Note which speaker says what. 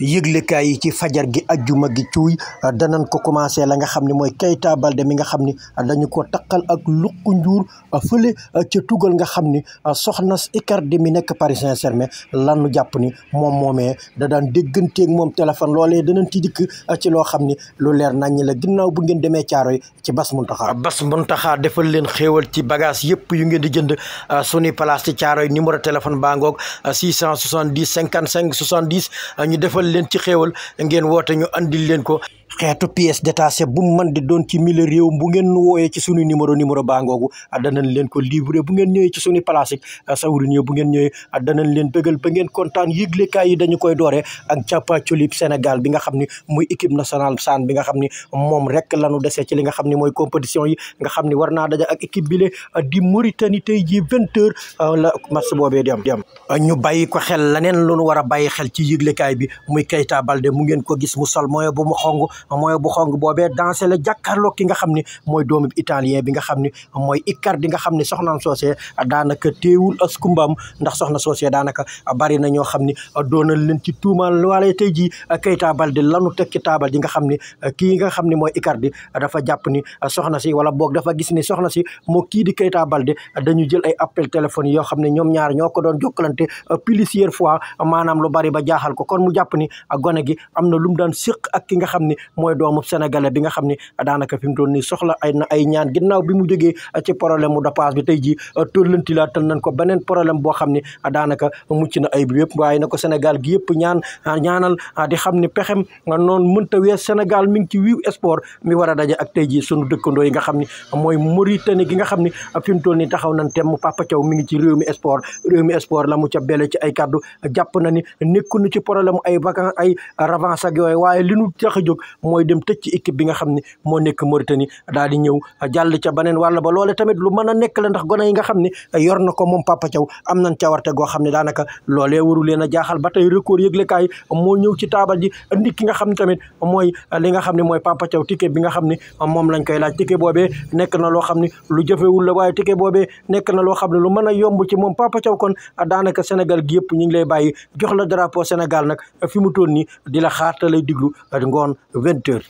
Speaker 1: yëglekaay yi ci fajar gi ajjuma gi cuuy danañ ko commencé la nga xam ne mooy Keita Balde mi nga xam ni dañu ko taqal ak luq njuur fële ca tugal nga xam ni soxna Icardi mi nekk Paris Saint-Germain lanu jàpp ni moom moomee da daan dégganteeg moom téléphone loole danan ci dikk ci loo xam ni lu leer ñi la ginnaaw bu ngeen demee caaro yi ci Bas Muntaxa Bas Muntaxa defal leen xéewal ci bagage yëpp yu ngeen di jënd suñuy place ci Caaroy numéro téléphone baa ngoog 670 55 70 ñu defal defal leen ci xéewal ngeen woote ñu andil leen ko xeetu pièce détachée bu mën di doon ci mille réew bu ngeen wooyee ci suñu numéro numéro baa ngoogu danañ leen ko livré bu ngeen ñëwee ci suñu place yi Sawrine bu ngeen ñëwee danañ leen bëggal ba ngeen kontaan yëglekaay yi dañu koy dooree ak càppaculib Sénégal bi nga xam ni muy équipe nationale san bi nga xam ni moom rek lañu desee ci li nga xam ni mooy compétition yi nga xam ni war naa daja ak équipe bi le di Mauritanie tey ji vingt la match boobee di am di am ñu ko xel leneen lu ñu war a bàyyi xel ci yëglekaay bi muy Keita Balde mu ngeen ko gis mu sol moyo bu mu xong moyo bu xong boobee a la jàkkaarloo ki nga xam ni mooy doomu italien bi nga xam ni mooy Icardi nga xam ni soxnaam soosee daanaka téewul askumbaam ndax soxna soosee daanaka bari na ñoo xam ni doonal leen ci tuumaal wala tey jii Keita Balde lanu teg ci taabal ji nga xam ni ki nga xam ni mooy Icardi dafa jàpp ni soxna si wala boog dafa gis ni soxna si moo kii di Keita Balde dañu jël ay appel téléphone yoo xam ne ñoom ñaar ñoo ko doon jokkalante plusieurs fois maanaam lu bari ba jaaxal ko kon ak gone gi am na lu mu daan séq ak ki nga xam ne mooy doomu sénégalais bi nga xam ne daanaka fi mu toll nii soxla ay na ay ñaan ginnaaw bi mu jógee uh, ci problème mu dépase bi tey jii uh, tóllanti laa tal nañ ko beneen problème boo xam ne uh, daanaka mucc na ay bi yëpp waaye na ko sénégal gi yëpp ñaan ñaanal di xam ne pexem noonu mënta wees sénégal mi ngi ci wiiw sport mi war a daje ak tey jii sunu dëkkandoo yi nga xam ne mooy Mauritanie gi nga xam ne fi mu toll nii taxaw nañ temm Papa Thiaw mi ngi ci réew mi sport réew la mu ca bele ci ay kàddu jàpp na ni nekku nu ci ay ak ay revanche ak yooyu waaye li ñu mooy dem tëj ci équipe bi nga xam ne moo nekk Mauritanie daal di ñëw jàll ca beneen wala ba loole tamit lu mën a nekk la ndax gone yi nga xam ne yor na ko moom Papa Thiaw am nañ cawarte goo xam ne daanaka loolee waru leen a jaaxal ba tey record yëglekaay moo ñëw ci taabal ji indi ki nga xam ne tamit mooy li nga xam ne mooy Papa Thiaw ticket bi nga xam ne moom lañ koy laaj ticket boobee nekk na loo xam ne lu jëfewul la waaye ticket boobee nekk na loo xam ne lu mën a yomb ci moom Papa Thiaw kon daanaka Sénégal gi yëpp ñu ngi lay bàyyi jox la drapeau Sénégal nag fi mu toll nii di la xaar te lay ngoon vingt heures